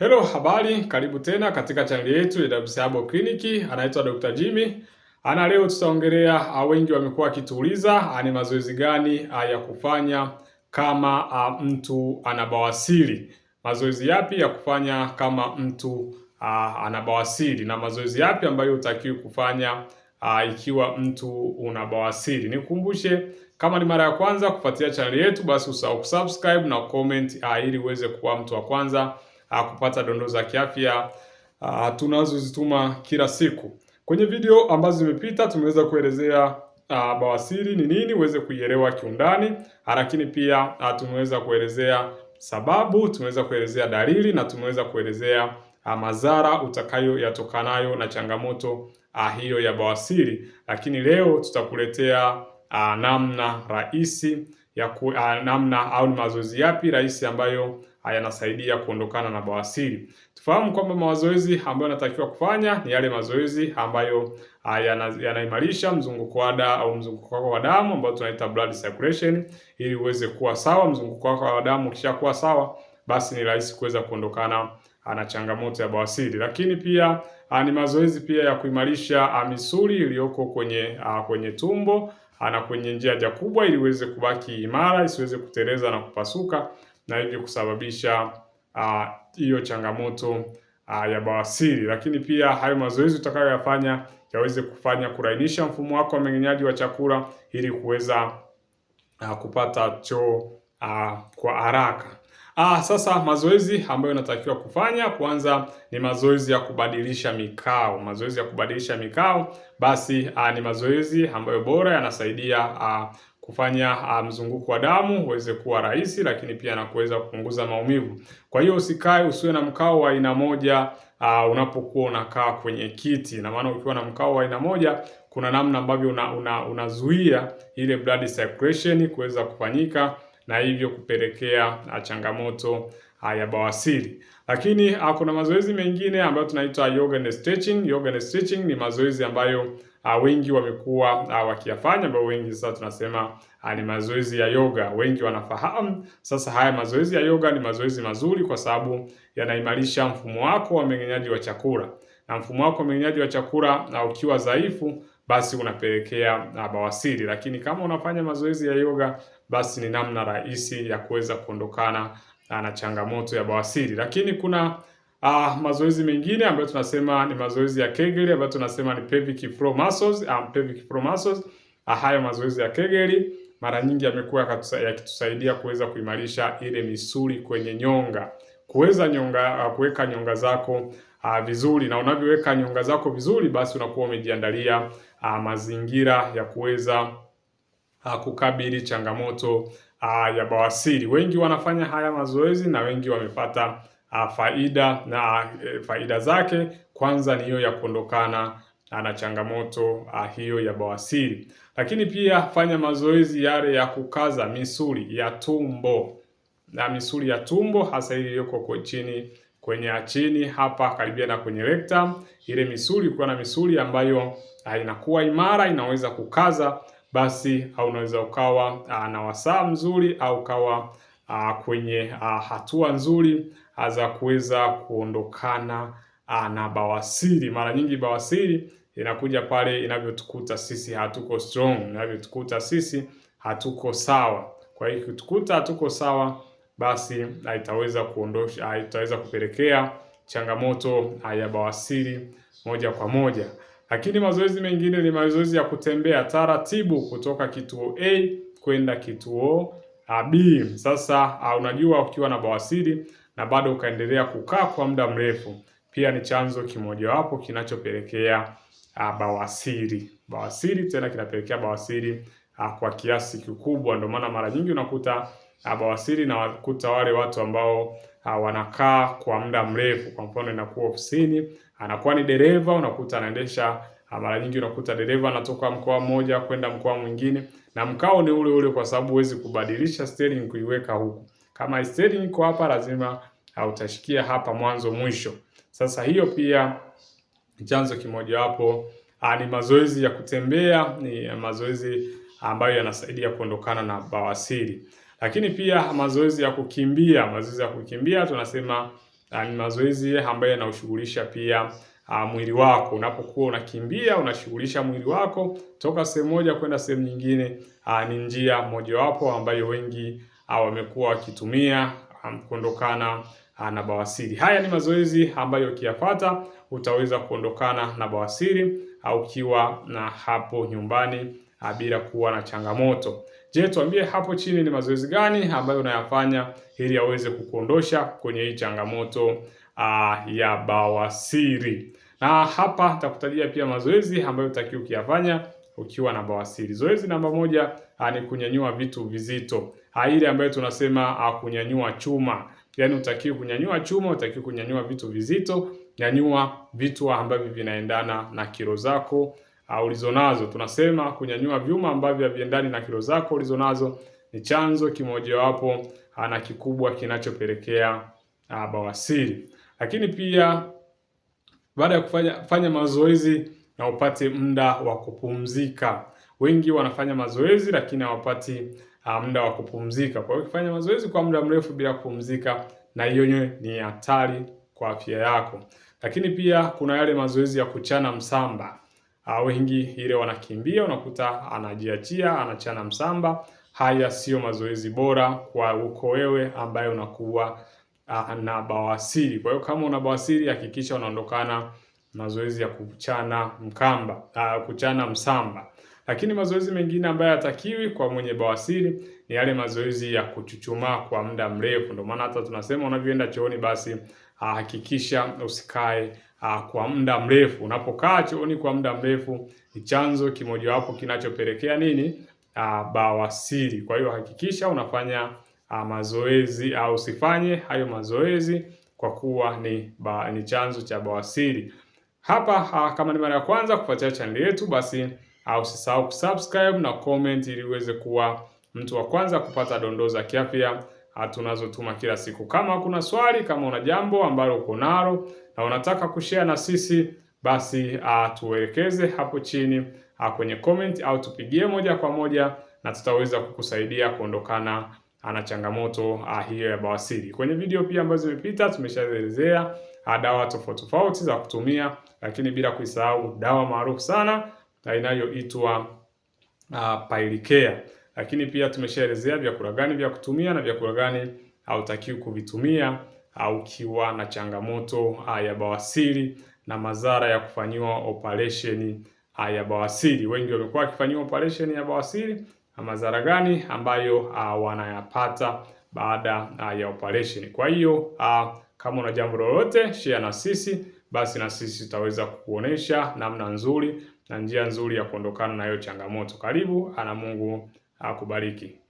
Hello, habari, karibu tena katika chaneli yetu ya WC Clinic. Anaitwa Dr. Jimmy. Ana leo tutaongelea, wengi wamekuwa wakituuliza ni mazoezi gani ya kufanya kama a, mtu anabawasili mazoezi yapi ya kufanya kama mtu a, anabawasiri na mazoezi yapi ambayo hutakiwi kufanya a, ikiwa mtu unabawasiri. Nikukumbushe, kama ni mara ya kwanza kufuatilia chaneli yetu, basi usahau kusubscribe na comment ili uweze kuwa mtu wa kwanza Ah, kupata dondoo za kiafya ah, tunazozituma kila siku. Kwenye video ambazo zimepita tumeweza kuelezea Uh, bawasiri ni nini uweze kuielewa kiundani, lakini pia uh, tumeweza kuelezea sababu, tumeweza kuelezea dalili na tumeweza kuelezea uh, madhara utakayoyatokanayo na changamoto uh, hiyo ya bawasiri. Lakini leo tutakuletea uh, namna rahisi ya ku, uh, namna au ni mazoezi yapi rahisi ambayo yanasaidia kuondokana na bawasiri. Tufahamu kwamba mazoezi ambayo yanatakiwa kufanya ni yale mazoezi ambayo ah, yanaimarisha yana mzunguko wa damu au mzunguko wako wa damu ambao tunaita blood circulation, ili uweze kuwa sawa. Mzunguko wako wa damu ukishakuwa sawa, basi ni rahisi kuweza kuondokana ah, na changamoto ya bawasiri. Lakini pia ah, ni mazoezi pia ya kuimarisha misuli iliyoko kwenye a, kwenye tumbo na kwenye njia haja kubwa, ili iweze kubaki imara, isiweze kuteleza na kupasuka na hivyo kusababisha ah, hiyo uh, changamoto uh, ya bawasiri. Lakini pia hayo mazoezi utakayoyafanya yaweze kufanya kurainisha mfumo wako wa mmeng'enyaji wa chakula ili kuweza uh, kupata choo uh, kwa haraka. Ah, sasa mazoezi ambayo inatakiwa kufanya kwanza ni mazoezi ya kubadilisha mikao. Mazoezi ya kubadilisha mikao basi, ah, ni mazoezi ambayo bora yanasaidia ah, kufanya ah, mzunguko wa damu uweze kuwa rahisi, lakini pia na kuweza kupunguza maumivu. Kwa hiyo usikae, usiwe na mkao wa aina moja uh, unapokuwa unakaa kwenye kiti, na maana ukiwa na mkao wa aina moja kuna namna ambavyo unazuia una, una ile blood circulation kuweza kufanyika na hivyo kupelekea ah, changamoto ya bawasiri. Lakini kuna mazoezi mengine ambayo tunaita yoga and stretching. Yoga and stretching ni mazoezi ambayo uh, wengi wamekuwa uh, wakiyafanya ambao wengi sasa tunasema uh, ni mazoezi ya yoga. Wengi wanafahamu sasa haya mazoezi ya yoga ni mazoezi mazuri, kwa sababu yanaimarisha mfumo wako wa mmeng'enyaji wa chakula, na mfumo wako wa mmeng'enyaji wa chakula na ukiwa dhaifu basi unapelekea bawasiri. Lakini kama unafanya mazoezi ya yoga, basi ni namna rahisi ya kuweza kuondokana na changamoto ya bawasiri. Lakini kuna Ah, mazoezi mengine ambayo tunasema ni mazoezi ya Kegel ambayo tunasema ni pelvic floor muscles, um, pelvic floor muscles. Ah, haya mazoezi ya Kegel mara nyingi yamekuwa yakitusaidia kuweza kuimarisha ile misuli kwenye nyonga, kuweza nyonga, uh, kuweka nyonga zako uh, vizuri, na unavyoweka nyonga zako vizuri, basi unakuwa umejiandalia uh, mazingira ya kuweza uh, kukabili changamoto uh, ya bawasiri. Wengi wanafanya haya mazoezi na wengi wamepata a, faida na e, faida zake kwanza ni hiyo ya kuondokana na changamoto a, hiyo ya bawasiri, lakini pia fanya mazoezi yale ya kukaza misuli ya tumbo na misuli ya tumbo hasa ile iliyoko chini kwenye achini hapa karibia na kwenye rectum. Ile misuli ukiwa na misuli ambayo inakuwa imara inaweza kukaza, basi unaweza ukawa na wasaa mzuri au ukawa uh, kwenye uh, hatua nzuri ah, za kuweza kuondokana uh, na bawasiri. Mara nyingi bawasiri inakuja pale inavyotukuta sisi hatuko strong, inavyotukuta sisi hatuko sawa. Kwa hiyo ikitukuta hatuko sawa, basi itaweza kuondosha, itaweza kupelekea changamoto ya bawasiri moja kwa moja. Lakini mazoezi mengine ni mazoezi ya kutembea taratibu kutoka kituo A kwenda kituo B. Sasa uh, unajua ukiwa na bawasiri na bado ukaendelea kukaa kwa muda mrefu, pia ni chanzo kimojawapo kinachopelekea uh, bawasiri. Bawasiri tena kinapelekea bawasiri uh, kwa kiasi kikubwa. Ndio maana mara nyingi unakuta uh, bawasiri na wakuta wale watu ambao uh, wanakaa kwa muda mrefu. Kwa mfano, inakuwa ofisini, anakuwa ni dereva, unakuta anaendesha mara nyingi unakuta dereva anatoka mkoa mmoja kwenda mkoa mwingine, na mkao ni ule ule, kwa sababu huwezi kubadilisha steering kuiweka huku. Kama steering iko hapa, lazima ah, utashikia hapa mwanzo mwisho. Sasa hiyo pia chanzo kimoja kimojawapo ah, ni mazoezi ya kutembea, ni mazoezi ambayo yanasaidia kuondokana na bawasiri. Lakini pia mazoezi ya kukimbia, mazoezi ya kukimbia tunasema ah, ni mazoezi ambayo yanaushughulisha pia uh, mwili wako. Unapokuwa unakimbia unashughulisha mwili wako toka sehemu moja kwenda sehemu nyingine. Uh, ni njia mojawapo ambayo wengi uh, wamekuwa wakitumia um, kuondokana uh, na bawasiri. Haya ni mazoezi ambayo ukiyafuata utaweza kuondokana na bawasiri au ukiwa na hapo nyumbani bila kuwa na changamoto. Je, tuambie hapo chini ni mazoezi gani ambayo unayafanya ili aweze kukuondosha kwenye hii changamoto uh, ya bawasiri. Na hapa nitakutajia pia mazoezi ambayo utakiwa ukiyafanya ukiwa na bawasiri. Zoezi namba moja uh, ni kunyanyua vitu vizito, uh, ile ambayo tunasema uh, kunyanyua chuma. Yaani utakiwa kunyanyua chuma, utakiwa kunyanyua vitu vizito, nyanyua vitu ambavyo vinaendana na kilo zako uh, ulizonazo. Tunasema kunyanyua vyuma ambavyo haviendani na kilo zako ulizonazo ni chanzo kimojawapo na kikubwa kinachopelekea uh, bawasiri lakini pia baada ya kufanya fanya mazoezi na upate muda wa kupumzika. Wengi wanafanya mazoezi lakini hawapati uh, muda wa kupumzika. Kwa hiyo ukifanya mazoezi kwa muda mrefu bila kupumzika, na hiyo ni hatari kwa afya yako. Lakini pia kuna yale mazoezi ya kuchana msamba. Uh, wengi ile wanakimbia, unakuta anajiachia, anachana msamba. Haya siyo mazoezi bora kwa uko wewe ambaye unakuwa Ah, na bawasiri. Kwa hiyo kama una bawasiri, hakikisha unaondokana mazoezi ya kuchana mkamba, uh, kuchana msamba. Lakini mazoezi mengine ambayo yatakiwi kwa mwenye bawasiri ni yale mazoezi ya kuchuchumaa kwa muda mrefu. Ndio maana hata tunasema unavyoenda chooni, basi ah, hakikisha usikae uh, kwa muda mrefu. Unapokaa chooni kwa muda mrefu ni chanzo kimojawapo kinachopelekea nini, uh, bawasiri. Kwa hiyo hakikisha unafanya uh, mazoezi au usifanye hayo mazoezi kwa kuwa ni, ba, ni chanzo cha bawasiri. Hapa uh, kama ni mara ya kwanza kufuatilia chaneli yetu, basi uh, usisahau kusubscribe na comment ili uweze kuwa mtu wa kwanza kupata dondoo za kiafya uh, tunazotuma kila siku. Kama kuna swali, kama una jambo ambalo uko nalo na unataka kushare na sisi, basi uh, tuelekeze hapo chini a, kwenye comment au tupigie moja kwa moja na tutaweza kukusaidia kuondokana ana changamoto ah, hiyo ya bawasiri. Kwenye video pia ambazo zimepita tumeshaelezea ah, dawa tofauti tofauti za kutumia, lakini bila kuisahau dawa maarufu sana ah, inayoitwa uh, Pailikea. Lakini pia tumeshaelezea vyakula gani vya kutumia na vyakula gani hautakiwi kuvitumia au ukiwa na changamoto uh, ya bawasiri na madhara ya kufanyiwa operation ya bawasiri. Wengi wamekuwa wakifanyiwa operation ya bawasiri madhara gani ambayo uh, wanayapata baada uh, ya operation. Kwa hiyo uh, kama una jambo lolote share na sisi, basi na sisi tutaweza kukuonesha namna nzuri na njia nzuri ya kuondokana na hiyo changamoto. Karibu ana Mungu akubariki.